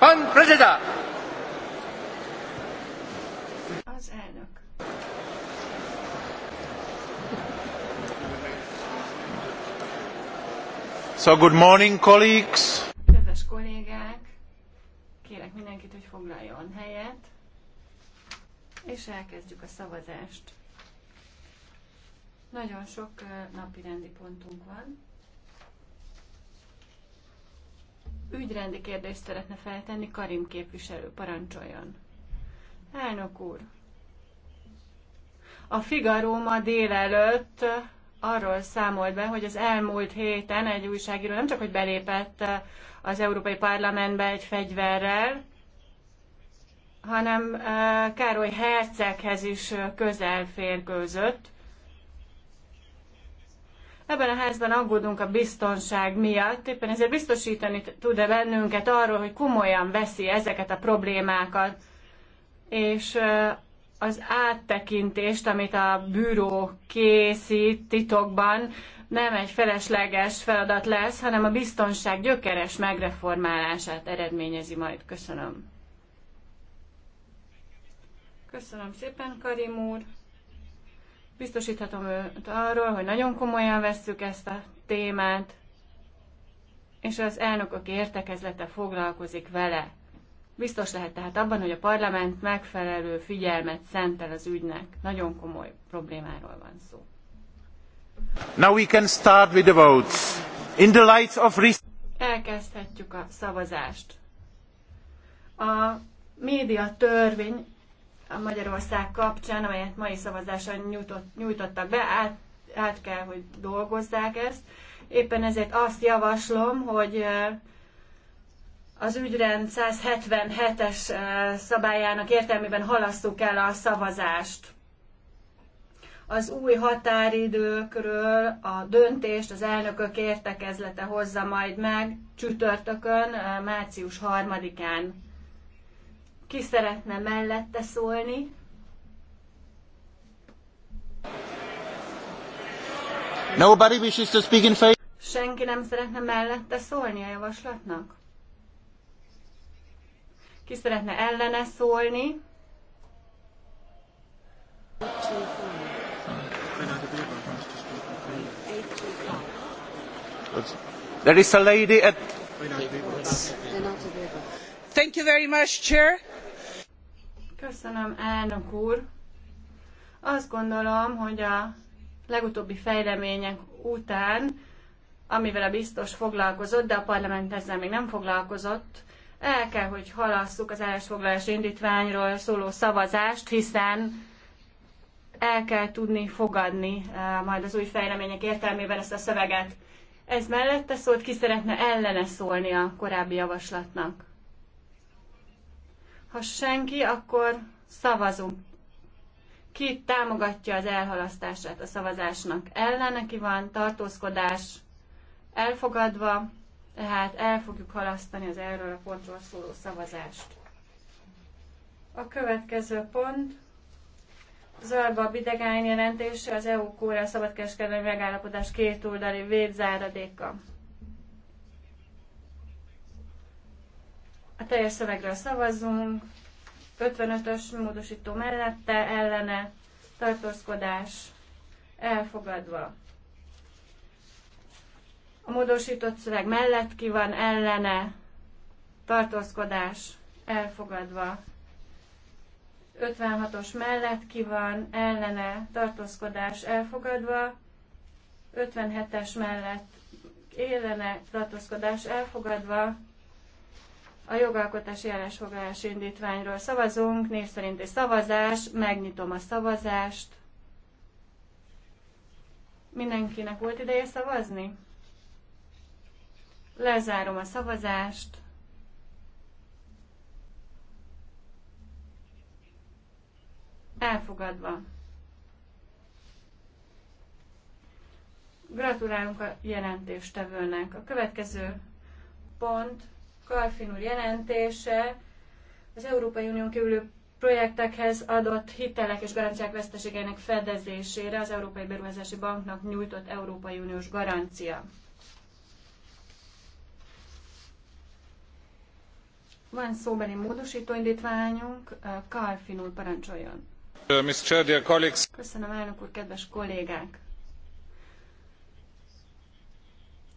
Pan prezeda! Az elnök. So good morning, colleagues. Kedves kollégák, kérek mindenkit, hogy foglaljon helyet, és elkezdjük a szavazást. Nagyon sok eh, napi rendi pontunk van. ügyrendi kérdést szeretne feltenni Karim képviselő. Parancsoljon. Elnök úr, a Figaro ma délelőtt arról számolt be, hogy az elmúlt héten egy újságíró nem csak hogy belépett az Európai Parlamentbe egy fegyverrel, hanem eh, Károly Herceghez is eh, közel férkőzött. Ebben a házban aggódunk a biztonság miatt, éppen ezért biztosítani tud-e bennünket arról, hogy komolyan veszi ezeket a problémákat, és az áttekintést, amit a bűró készít titokban, nem egy felesleges feladat lesz, hanem a biztonság gyökeres megreformálását eredményezi majd. Köszönöm. Köszönöm szépen, Karim úr. Biztosíthatom őt arról, hogy nagyon komolyan vesszük ezt a témát, és az elnökök értekezlete foglalkozik vele. Biztos lehet tehát abban, hogy a parlament megfelelő figyelmet szentel az ügynek. Nagyon komoly problémáról van szó. Now we can start with the votes. In the light of Elkezdhetjük a szavazást. A média törvény a Magyarország kapcsán, amelyet mai szavazáson nyújtott, nyújtottak be, át, át kell, hogy dolgozzák ezt. Éppen ezért azt javaslom, hogy az ügyrend 177-es szabályának értelmében halasszuk el a szavazást. Az új határidőkről a döntést az elnökök értekezlete hozza majd meg csütörtökön, március 3-án. Ki szeretne mellette szólni? Nobody wishes to speak in favor. Senki nem szeretne mellette szólni a javaslatnak? Ki szeretne ellene szólni? There is a lady at... Köszönöm, elnök úr. Azt gondolom, hogy a legutóbbi fejlemények után, amivel a biztos foglalkozott, de a parlament ezzel még nem foglalkozott, el kell, hogy halasszuk az állásfoglalás indítványról szóló szavazást, hiszen el kell tudni fogadni eh, majd az új fejlemények értelmében ezt a szöveget. Ez mellette szólt, ki szeretne ellene szólni a korábbi javaslatnak? Ha senki, akkor szavazunk. Ki támogatja az elhalasztását a szavazásnak? Ellene ki van, tartózkodás elfogadva, tehát el fogjuk halasztani az erről a pontról szóló szavazást. A következő pont. a Bidegány jelentése az eu kóra szabadkereskedelmi megállapodás két oldali végzáradéka. A teljes szövegről szavazunk. 55-ös módosító mellette, ellene, tartózkodás, elfogadva. A módosított szöveg mellett ki van, ellene, tartózkodás, elfogadva. 56-os mellett ki van, ellene, tartózkodás, elfogadva. 57-es mellett ellene, tartózkodás, elfogadva. A jogalkotási állásfoglalási indítványról szavazunk, név egy szavazás, megnyitom a szavazást. Mindenkinek volt ideje szavazni? Lezárom a szavazást. Elfogadva. Gratulálunk a jelentéstevőnek. A következő pont Kalfin úr jelentése az Európai Unión kívül projektekhez adott hitelek és garanciák veszteségeinek fedezésére az Európai Beruházási Banknak nyújtott Európai Uniós garancia. Van szóbeli módosító indítványunk, eh, Kalfin úr parancsoljon. Chair, dear colleagues. Köszönöm, elnök úr, kedves kollégák!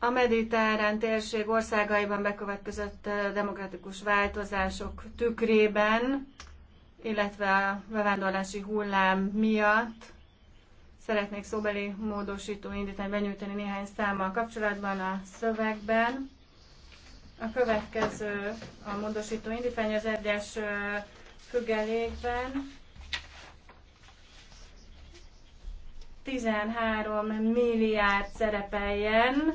A mediterrán térség országaiban bekövetkezett demokratikus változások tükrében, illetve a bevándorlási hullám miatt szeretnék szóbeli módosító indítani, benyújtani néhány számmal kapcsolatban a szövegben. A következő a módosító indítvány az egyes függelékben. 13 milliárd szerepeljen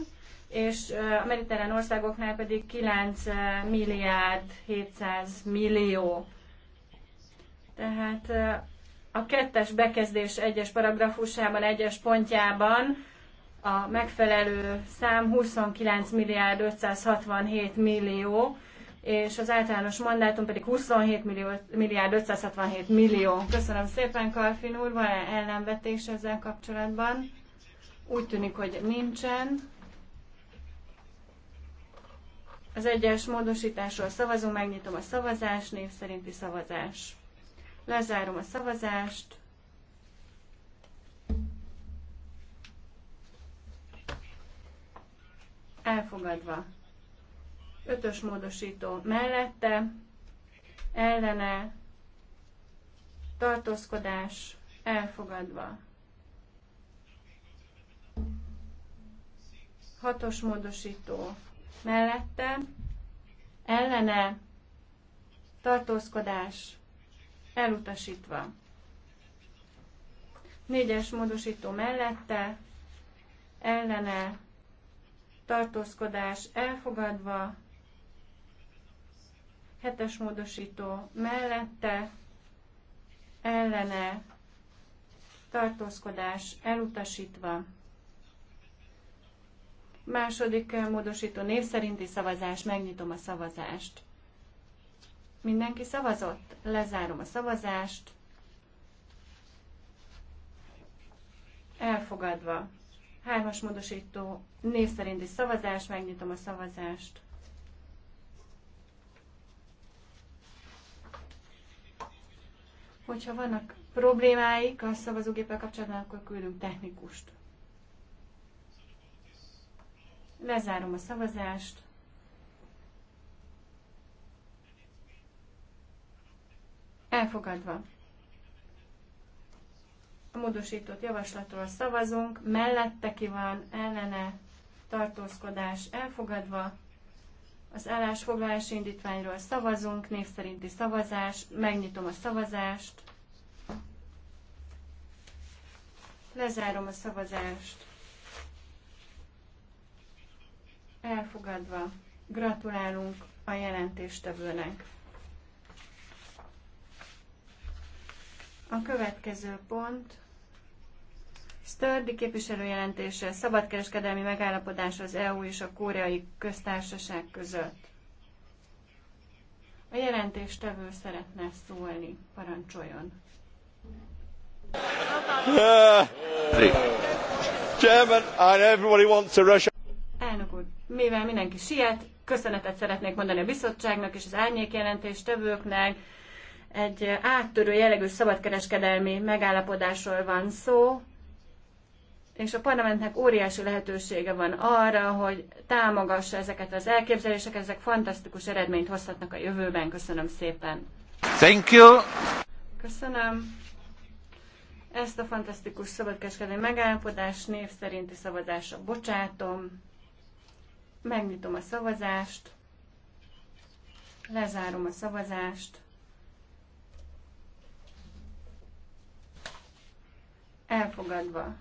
és a mediterrán országoknál pedig 9 milliárd 700 millió. Tehát a kettes bekezdés egyes paragrafusában, egyes pontjában a megfelelő szám 29 milliárd 567 millió, és az általános mandátum pedig 27 millió, milliárd 567 millió. Köszönöm szépen, Kalfin úr, van -e ellenvetés ezzel kapcsolatban? Úgy tűnik, hogy nincsen. Az egyes módosításról szavazunk, megnyitom a szavazást, név szerinti szavazás. Lezárom a szavazást. Elfogadva. Ötös módosító mellette, ellene, tartózkodás, elfogadva. Hatos módosító mellette, ellene, tartózkodás, elutasítva. Négyes módosító mellette, ellene, tartózkodás, elfogadva, hetes módosító mellette, ellene, tartózkodás, elutasítva. Második eh, módosító név szerinti szavazás, megnyitom a szavazást. Mindenki szavazott? Lezárom a szavazást. Elfogadva. Hármas módosító név szerinti szavazás, megnyitom a szavazást. Hogyha vannak problémáik a szavazógéppel kapcsolatban, akkor küldünk technikust. Lezárom a szavazást. Elfogadva. A módosított javaslatról szavazunk, mellette ki van, ellene, tartózkodás elfogadva. Az állásfoglalási indítványról szavazunk, név szerinti szavazás, megnyitom a szavazást. Lezárom a szavazást. elfogadva. Gratulálunk a jelentéstevőnek. A következő pont Stördi képviselő jelentése szabadkereskedelmi megállapodás az EU és a koreai köztársaság között. A jelentéstevő szeretne szólni. Parancsoljon. Uh, Chairman, and everybody wants to rush mivel mindenki siet, köszönetet szeretnék mondani a bizottságnak és az tövőknek Egy áttörő jellegű szabadkereskedelmi megállapodásról van szó, és a parlamentnek óriási lehetősége van arra, hogy támogassa ezeket az elképzeléseket, ezek fantasztikus eredményt hozhatnak a jövőben. Köszönöm szépen! Thank you! Köszönöm! Ezt a fantasztikus szabadkereskedelmi megállapodást név szerinti szavazásra bocsátom. Megnyitom a szavazást, lezárom a szavazást, elfogadva.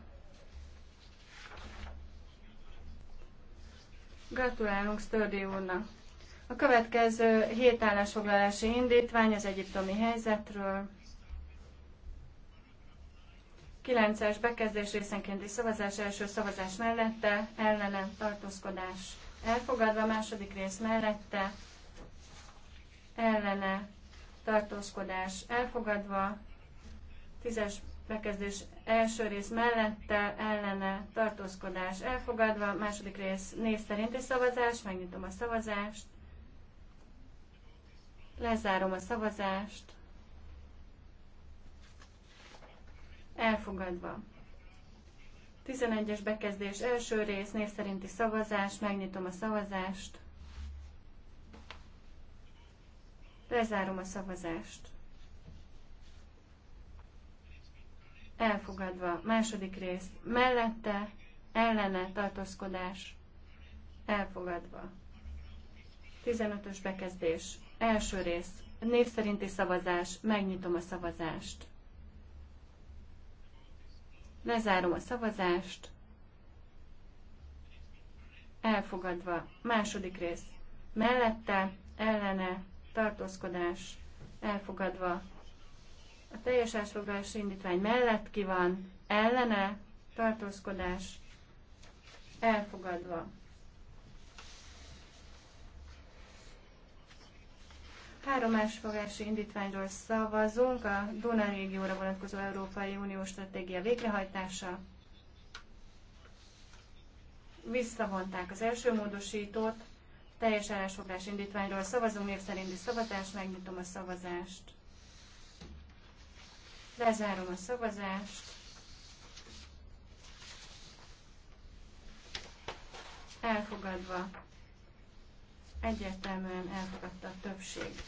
Gratulálunk Stördi úrnak! A következő hét állásfoglalási indítvány az egyiptomi helyzetről. 9-es bekezdés részenkénti szavazás első szavazás mellette, ellenem tartózkodás Elfogadva a második rész mellette, ellene tartózkodás elfogadva, tízes bekezdés első rész mellette, ellene tartózkodás elfogadva, második rész név szerinti szavazás, megnyitom a szavazást, lezárom a szavazást, elfogadva. 11-es bekezdés első rész, név szerinti szavazás, megnyitom a szavazást. Lezárom a szavazást. Elfogadva. Második rész. Mellette, ellene, tartózkodás. Elfogadva. 15-ös bekezdés. Első rész. Név szerinti szavazás. Megnyitom a szavazást. Lezárom a szavazást. Elfogadva. Második rész. Mellette, ellene, tartózkodás. Elfogadva. A teljes ásfoglalási indítvány mellett ki van, ellene, tartózkodás. Elfogadva. Három másfogási indítványról szavazunk, a Duna régióra vonatkozó Európai Unió stratégia végrehajtása. Visszavonták az első módosítót, teljes állásfoglás indítványról szavazunk, név szerinti szavazás, megnyitom a szavazást. Lezárom a szavazást. Elfogadva egyértelműen elfogadta a többség.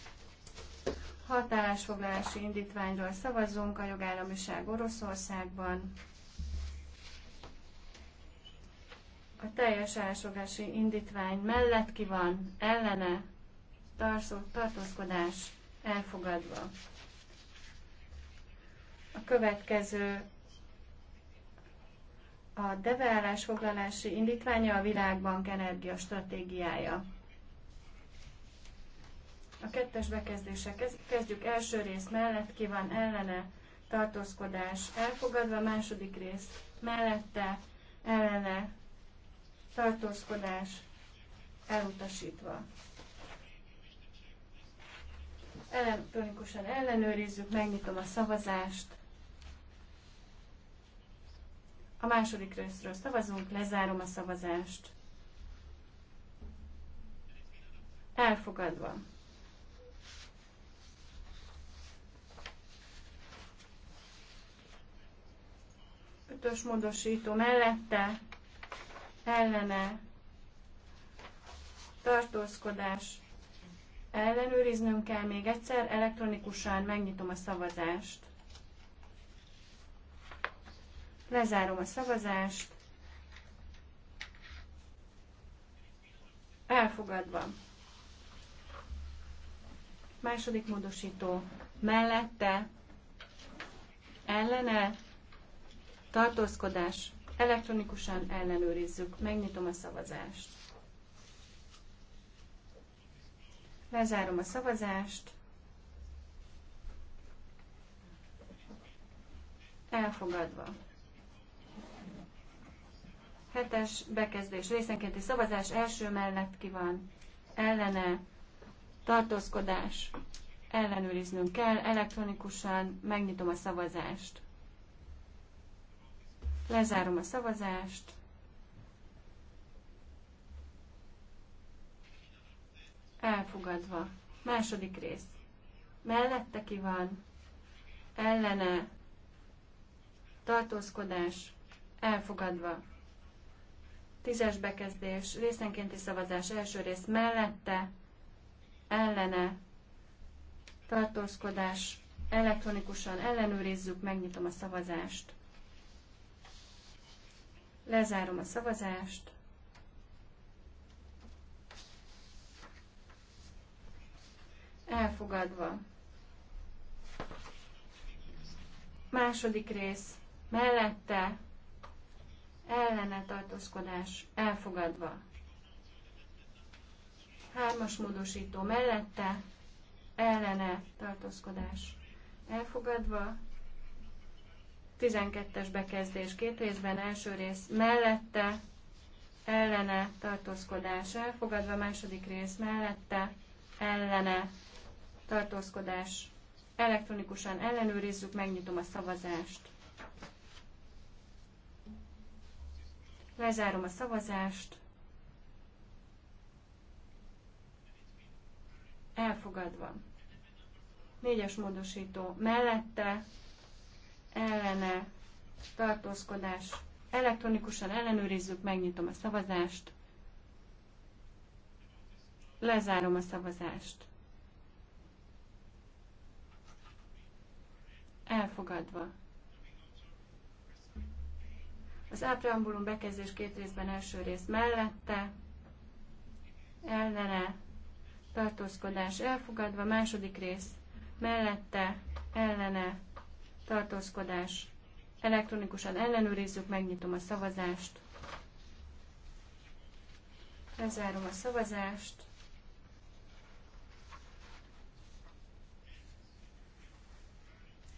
Hatásfoglalási indítványról szavazunk a jogállamiság Oroszországban. A teljes állásfoglalási indítvány mellett ki van, ellene, tartózkodás elfogadva. A következő a deveállásfoglalási indítványa a világbank energiastratégiája. A kettes bekezdése kezdjük első rész mellett, ki van ellene, tartózkodás elfogadva, második rész mellette, ellene, tartózkodás elutasítva. Elektronikusan ellenőrizzük, megnyitom a szavazást. A második részről szavazunk, lezárom a szavazást. Elfogadva. ötös módosító mellette ellene tartózkodás ellenőriznünk kell még egyszer, elektronikusan megnyitom a szavazást. Lezárom a szavazást. Elfogadva. Második módosító mellette, ellene, tartózkodás, elektronikusan ellenőrizzük. Megnyitom a szavazást. Lezárom a szavazást. Elfogadva. Hetes bekezdés részenkénti szavazás első mellett ki van. Ellene tartózkodás ellenőriznünk kell elektronikusan, megnyitom a szavazást. Lezárom a szavazást. Elfogadva. Második rész. Mellette ki van? Ellene. Tartózkodás. Elfogadva. Tízes bekezdés. Részenkénti szavazás. Első rész. Mellette. Ellene. Tartózkodás. Elektronikusan ellenőrizzük. Megnyitom a szavazást. Lezárom a szavazást. Elfogadva. Második rész. Mellette ellene tartózkodás elfogadva. Hármas módosító mellette ellene tartózkodás elfogadva. 12-es bekezdés két részben, első rész mellette, ellene, tartózkodás elfogadva, második rész mellette, ellene, tartózkodás elektronikusan ellenőrizzük, megnyitom a szavazást. Lezárom a szavazást. Elfogadva. Négyes módosító mellette, ellene tartózkodás. Elektronikusan ellenőrizzük, megnyitom a szavazást. Lezárom a szavazást. Elfogadva. Az ápreambulum bekezdés két részben első rész mellette, ellene, tartózkodás elfogadva, második rész mellette, ellene, tartózkodás. Elektronikusan ellenőrizzük, megnyitom a szavazást. Lezárom a szavazást.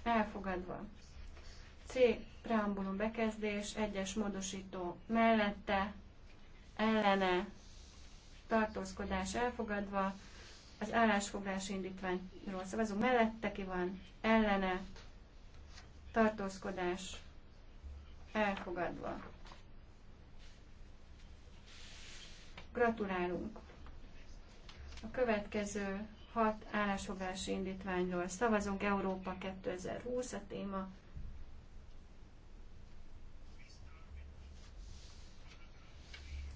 Elfogadva. C. Preambulum bekezdés, egyes módosító mellette, ellene, tartózkodás elfogadva, az állásfoglás indítványról szavazunk mellette, ki van, ellene, tartózkodás elfogadva. Gratulálunk! A következő hat állásfoglalási indítványról szavazunk Európa 2020 a téma.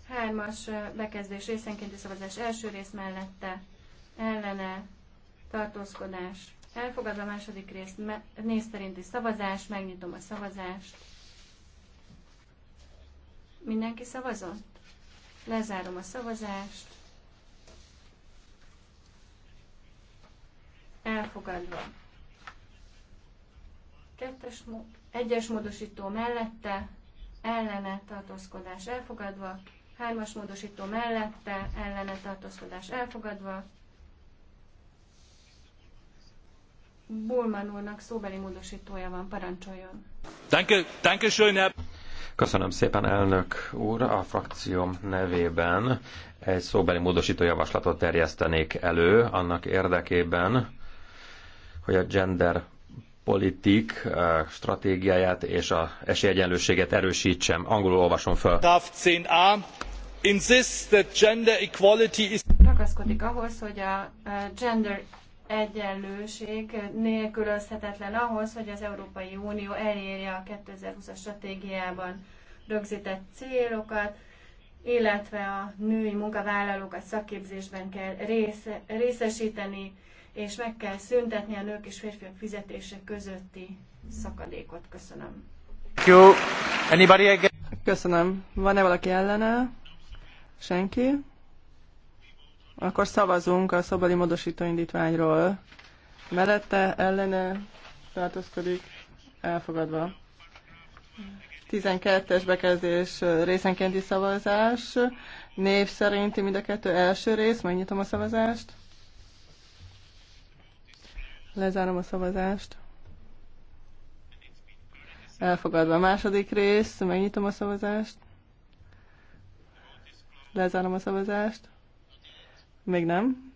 Hármas bekezdés részenkénti szavazás első rész mellette ellene tartózkodás Elfogadva a második részt, néz szerinti szavazás, megnyitom a szavazást. Mindenki szavazott? Lezárom a szavazást. Elfogadva. Kettes, egyes módosító mellette, ellene tartózkodás elfogadva. Hármas módosító mellette, ellene tartózkodás elfogadva Bulman úrnak szóbeli módosítója van, parancsoljon. Danke, danke schön, Köszönöm szépen, elnök úr. A frakcióm nevében egy szóbeli módosító javaslatot terjesztenék elő annak érdekében, hogy a gender politik eh, stratégiáját és a esélyegyenlőséget erősítsem. Angolul olvasom föl. Insists that gender equality is... Ragaszkodik ahhoz, hogy a eh, gender egyenlőség nélkülözhetetlen ahhoz, hogy az Európai Unió elérje a 2020-as stratégiában rögzített célokat, illetve a női munkavállalókat szakképzésben kell rész, részesíteni, és meg kell szüntetni a nők és férfiak fizetése közötti szakadékot. Köszönöm. Köszönöm. Van-e valaki ellene? Senki? Akkor szavazunk a szabadi módosító indítványról. Mellette, ellene tartózkodik, elfogadva. 12-es bekezdés részenkénti szavazás. Név szerinti mind a kettő első rész. nyitom a szavazást. Lezárom a szavazást. Elfogadva a második rész. Megnyitom a szavazást. Lezárom a szavazást. Még nem?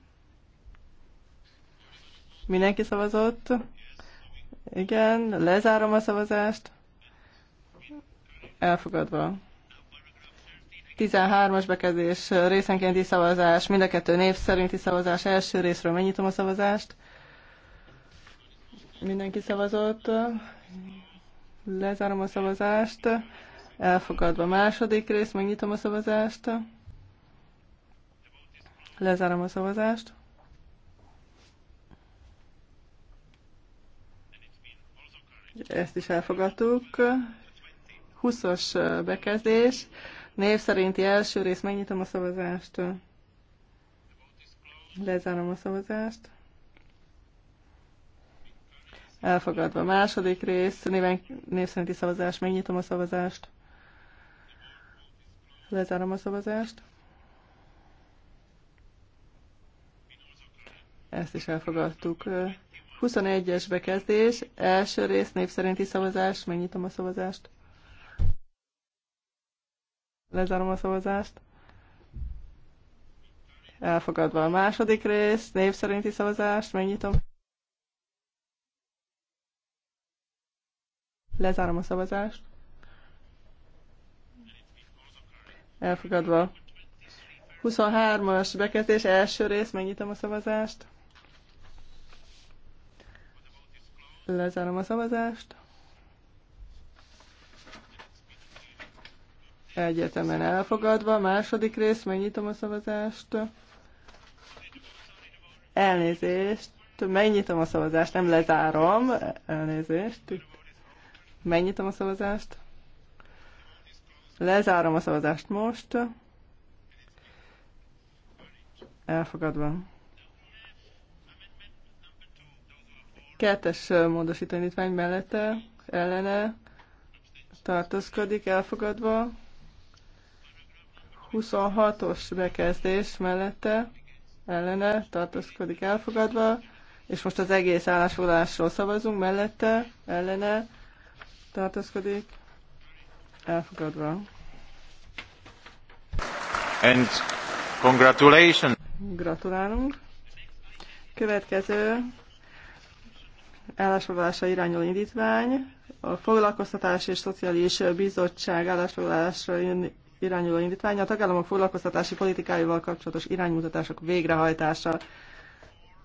Mindenki szavazott? Igen, lezárom a szavazást. Elfogadva. 13-as bekezdés, részenkénti szavazás, mind a kettő név szerinti szavazás. Első részről megnyitom a szavazást. Mindenki szavazott. Lezárom a szavazást. Elfogadva. Második rész, megnyitom a szavazást. Lezárom a szavazást. Ezt is elfogadtuk. 20-as bekezdés. Név szerinti első rész. Megnyitom a szavazást. Lezárom a szavazást. Elfogadva. Második rész. Néven, név szerinti szavazás. Megnyitom a szavazást. Lezárom a szavazást. Ezt is elfogadtuk. 21-es bekezdés, első rész népszerinti szavazás, megnyitom a szavazást. Lezárom a szavazást. Elfogadva a második rész, népszerinti szavazást, megnyitom. Lezárom a szavazást. Elfogadva. 23-as bekezdés, első rész, megnyitom a szavazást. Lezárom a szavazást. Egyetemen elfogadva. Második rész, megnyitom a szavazást. Elnézést. Megnyitom a szavazást, nem lezárom. Elnézést. Megnyitom a szavazást. Lezárom a szavazást most. Elfogadva. kertes módosítanítvány mellette, ellene tartózkodik, elfogadva. 26-os bekezdés mellette, ellene tartózkodik, elfogadva. És most az egész állásfoglalásról szavazunk, mellette, ellene tartózkodik, elfogadva. And congratulations! Gratulálunk! Következő állásfoglalásra irányuló indítvány, a Foglalkoztatás és Szociális Bizottság állásfoglalásra irányuló indítvány, a tagállamok foglalkoztatási politikáival kapcsolatos iránymutatások végrehajtása.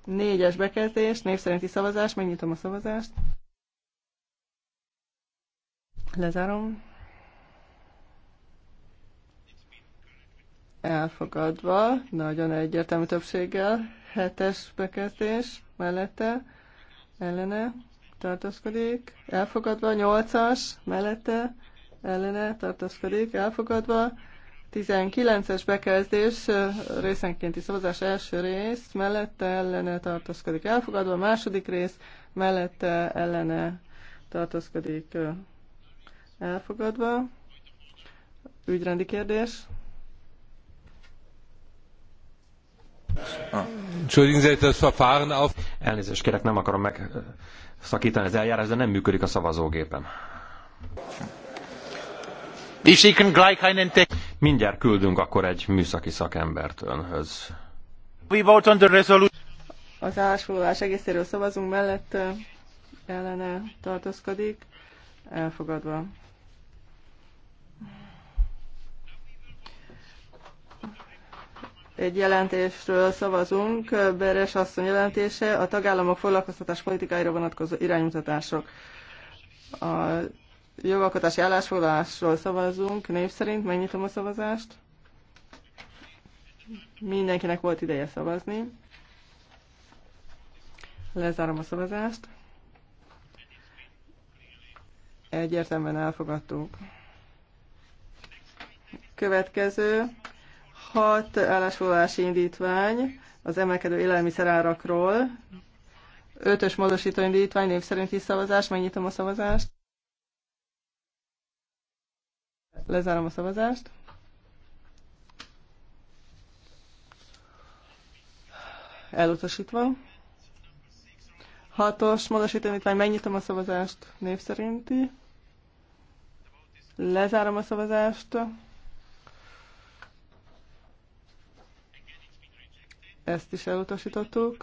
Négyes bekezdés, név szerinti szavazás, megnyitom a szavazást. Lezárom. Elfogadva, nagyon egyértelmű többséggel, hetes bekezdés mellette ellene tartózkodik, elfogadva, 8-as mellette ellene tartózkodik, elfogadva, 19-es bekezdés részenkénti szavazás első rész, mellette ellene tartózkodik, elfogadva, második rész mellette ellene tartózkodik, elfogadva. Ügyrendi kérdés. Entschuldigen Sie das Verfahren auf. Elnézést kérek, nem akarom megszakítani az eljárás, de nem működik a szavazógépen. Mindjárt küldünk akkor egy műszaki szakembert önhöz. Az állásfoglalás egészéről szavazunk mellett ellene tartózkodik. Elfogadva. egy jelentésről szavazunk, Beres asszony jelentése, a tagállamok foglalkoztatás politikáira vonatkozó iránymutatások. A jogalkotási állásfoglalásról szavazunk, név szerint megnyitom a szavazást. Mindenkinek volt ideje szavazni. Lezárom a szavazást. Egyértelműen elfogadtuk. Következő Hat állásfoglalási indítvány az emelkedő élelmiszerárakról. Ötös módosító indítvány, név szerinti szavazás. Megnyitom a szavazást. Lezárom a szavazást. Elutasítva. Hatos módosító indítvány, megnyitom a szavazást név szerinti. Lezárom a szavazást. Ezt is elutasítottuk.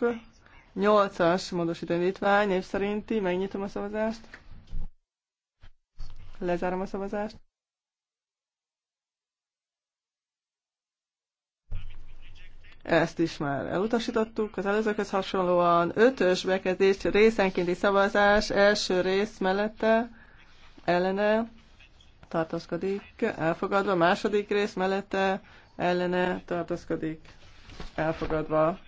8-as módosító indítvány, név szerinti, megnyitom a szavazást. Lezárom a szavazást. Ezt is már elutasítottuk. Az előzőkhez hasonlóan ötös bekezdés részenkénti szavazás első rész mellette ellene Tartozkodik. elfogadva, második rész mellette ellene Tartozkodik elfogadva.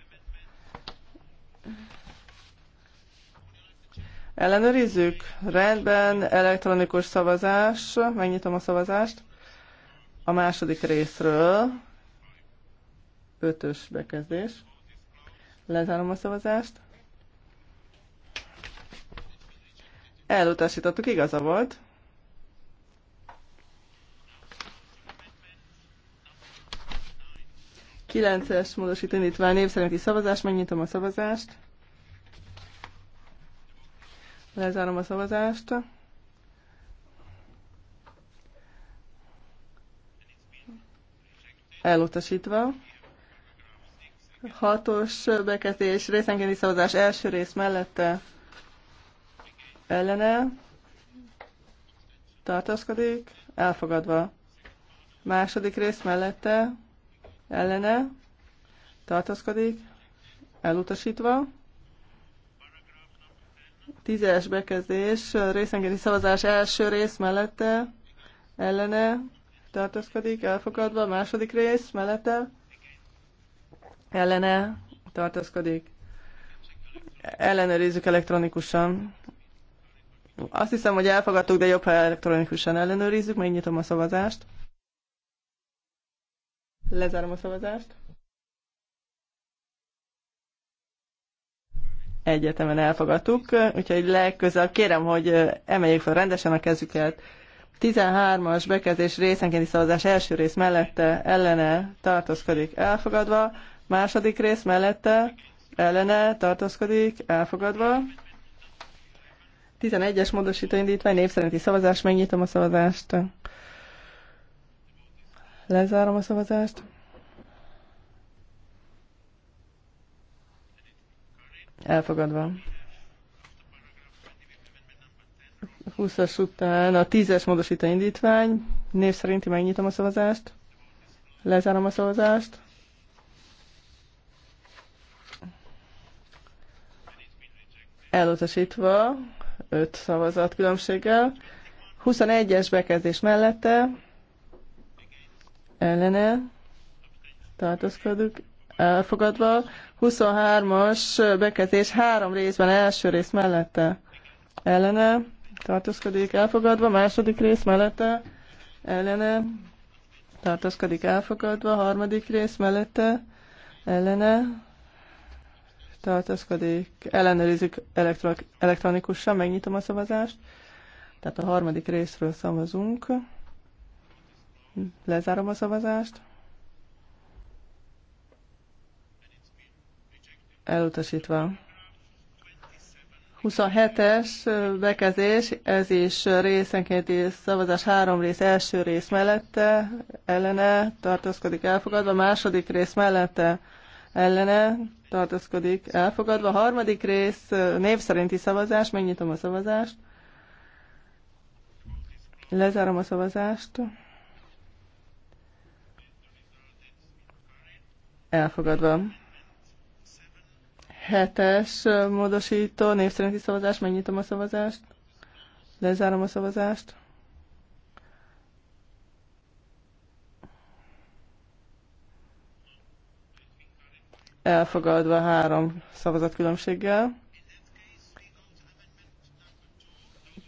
Ellenőrizzük. Rendben, elektronikus szavazás. Megnyitom a szavazást. A második részről. Ötös bekezdés. Lezárom a szavazást. Elutasítottuk, igaza volt. 9-es módosító indítvány név szerinti szavazás, megnyitom a szavazást. Lezárom a szavazást. Elutasítva. Hatos bekezdés, részenkénti szavazás első rész mellette ellene Tartaszkodik. elfogadva. Második rész mellette ellene tartózkodik, elutasítva. Tízes bekezdés, részengedi szavazás első rész mellette, ellene tartózkodik, elfogadva, második rész mellette, ellene tartózkodik. Ellenőrizzük elektronikusan. Azt hiszem, hogy elfogadtuk, de jobb, ha elektronikusan ellenőrizzük. Megnyitom a szavazást. Lezárom a szavazást. Egyetemen elfogadtuk, úgyhogy legközelebb kérem, hogy emeljék fel rendesen a kezüket. 13-as bekezdés részenkénti szavazás első rész mellette ellene tartózkodik elfogadva, második rész mellette ellene tartózkodik elfogadva. 11-es módosító indítvány név szavazás, megnyitom a szavazást. Lezárom a szavazást. Elfogadva. 20-as után a 10-es módosító indítvány. Név szerinti megnyitom a szavazást. Lezárom a szavazást. Elutasítva 5 szavazat különbséggel. 21-es bekezdés mellette ellene tartózkodik, elfogadva. 23-as bekezés három részben, első rész mellette ellene tartózkodik, elfogadva. Második rész mellette ellene tartózkodik, elfogadva. Harmadik rész mellette ellene tartózkodik, ellenőrizzük elektronikusan, megnyitom a szavazást. Tehát a harmadik részről szavazunk. Lezárom a szavazást. Elutasítva. 27-es bekezés, ez is részenkénti szavazás három rész, első rész mellette, ellene, tartózkodik elfogadva, második rész mellette, ellene, tartózkodik elfogadva, harmadik rész, név szerinti szavazás, megnyitom a szavazást, lezárom a szavazást. Elfogadva. Hetes módosító, név szerinti szavazás, megnyitom a szavazást. Lezárom a szavazást. Elfogadva három szavazat különbséggel.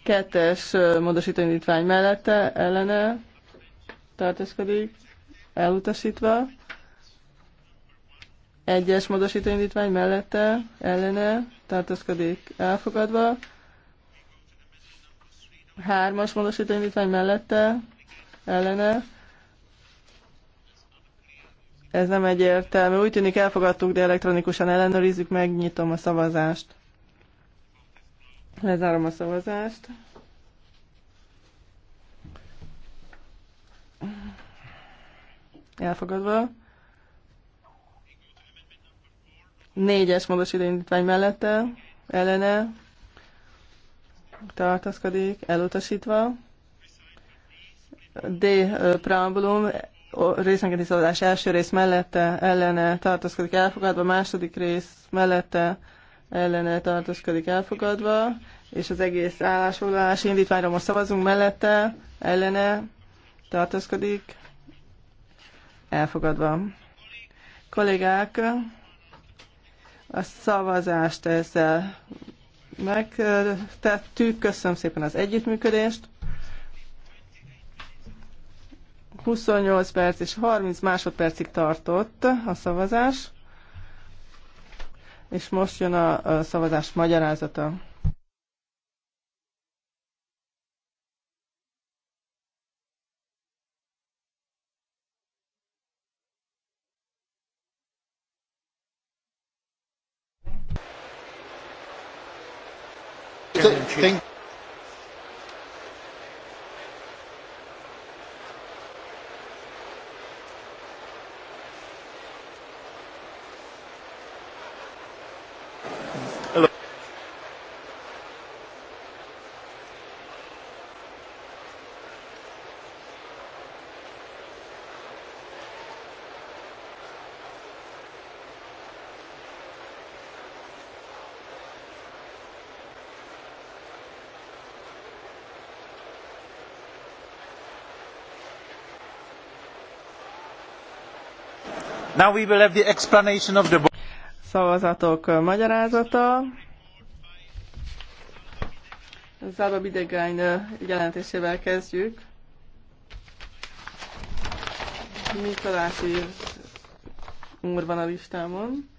Kettes módosító indítvány mellette, ellene tartózkodik, elutasítva egyes módosító indítvány mellette, ellene, tartózkodik elfogadva. Hármas módosító indítvány mellette, ellene. Ez nem egyértelmű. Úgy tűnik elfogadtuk, de elektronikusan ellenőrizzük, megnyitom a szavazást. Lezárom a szavazást. Elfogadva. Négyes magas indítvány mellette, ellene tartaszkodik, elutasítva. D. Preambulum részenkénti szavazás első rész mellette, ellene tartaszkodik elfogadva, második rész mellette, ellene tartaszkodik elfogadva, és az egész állásfoglalás indítványra most szavazunk mellette, ellene tartaszkodik elfogadva. Kollégák, a szavazást ezzel megtettük. Köszönöm szépen az együttműködést. 28 perc és 30 másodpercig tartott a szavazás, és most jön a szavazás magyarázata. thank Now we will have the explanation of the Szavazatok magyarázata. Zába Bidegány jelentésével kezdjük. Mikolási úr van a listámon.